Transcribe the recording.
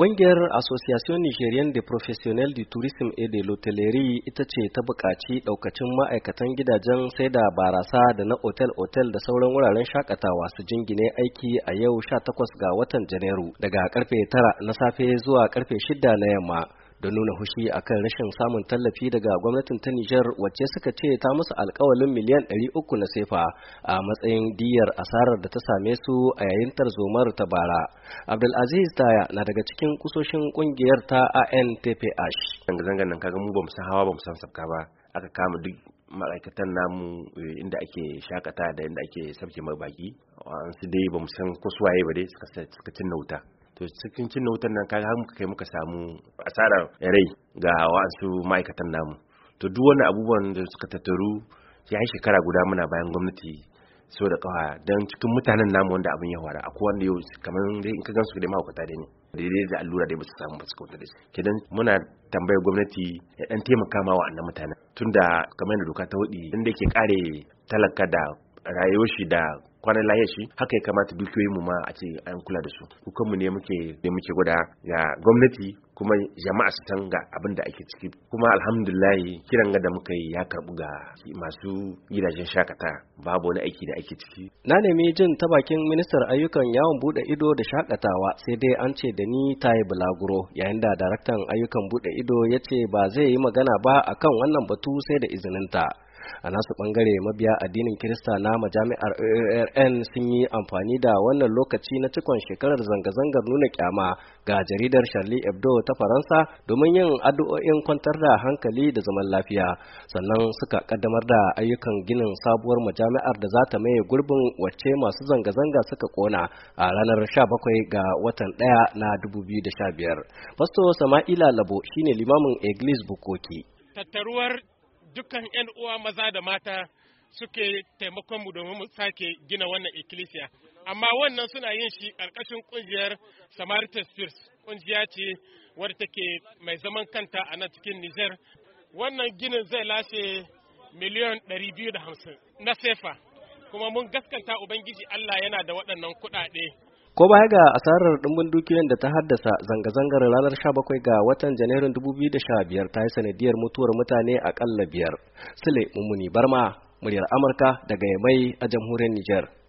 Ƙungiyar Association Nigerian de Professionnel du Tourisme et de l'Hôtellerie ita ce ta buƙaci ɗaukacin ma'aikatan gidajen sai da barasa da na otel-otel da sauran wuraren shakatawa su jingine aiki a yau 18 ga watan Janairu daga karfe 9 na safe zuwa karfe 6 na yamma. don nuna hushi kan rashin samun tallafi daga gwamnatin ta Nijar wacce suka ce ta musu alkawalin miliyan 300 na sefa a matsayin diyar asarar da ta same su a yayin tarzomar ta bara. Abdulaziz Daya na daga cikin kusoshin kungiyar ta ANTPH. zanga zanga nan kaga mu ba san hawa ba san sabka ba aka kama duk ma'aikatan namu eh, inda ake shakata da inda ake sabke mai baki an su dai ba san kusuwaye ba dai suka cinna wuta to cikin cin wutan nan kaga har muka kai muka samu asarar rai ga wasu ma'aikatan namu to duk wani abubuwan da suka tattaru ya yi shekara guda muna bayan gwamnati so da kawa don cikin mutanen namu wanda abin ya fara akwai wanda yau kamar in ka gansu da mahaukata da ne daidai da allura da ba su samu ba su da su kidan muna tambayar gwamnati ya dan taimaka ma wa'annan mutanen tunda kamar da doka ta hudi inda ke kare talaka da rayuwar shi da kwanan lahiyar shi haka ya kamata dukiyoyin mu ma a ce an kula da su hukunmu ne muke ne muke gwada ga gwamnati kuma jama'a su tanga abin da ake ciki kuma alhamdulillah kiran ga da muka yi ya karbu ga masu gidajen shakata babu wani aiki da ake ciki na nemi jin ta bakin ministar ayyukan yawon bude ido da shakatawa sai dai an ce da ni tayi bulaguro yayin da daraktan ayyukan bude ido ya ce ba zai yi magana ba akan wannan batu sai da izininta a nasu bangare mabiya addinin kirista na majami'ar ARN sun yi amfani da wannan lokaci na cikon shekarar zanga-zangar nuna kyama ga jaridar charlie hebdo ta faransa domin yin addu'o'in kwantar da hankali da zaman lafiya sannan suka kaddamar da ayyukan ginin sabuwar majami'ar da za ta maye gurbin wacce masu zanga-zanga suka kona a ranar 17 ga watan 1 na 2015 Fasto Sama'ila Labo shine limamin Eglise Bukoki. Tattaruwar dukkan 'yan uwa maza da mata suke taimakonmu domin mu sake gina wannan ikkilisiya amma wannan suna yin shi ƙarƙashin ƙungiyar samaritan spirit ƙungiya ce wadda take mai zaman kanta a nan cikin Nijar. wannan ginin zai lashe miliyan 250 na sefa kuma mun gaskanta ubangiji allah yana da waɗannan kuɗaɗe ko baya ga asarar dimbin dukiyoyin da ta haddasa zanga-zangar ranar 17 ga watan janairun 2015 ta yi sanadiyar mutuwar mutane akalla biyar sule mummuni barma muryar amurka daga yamai a jamhuriyar Nijar.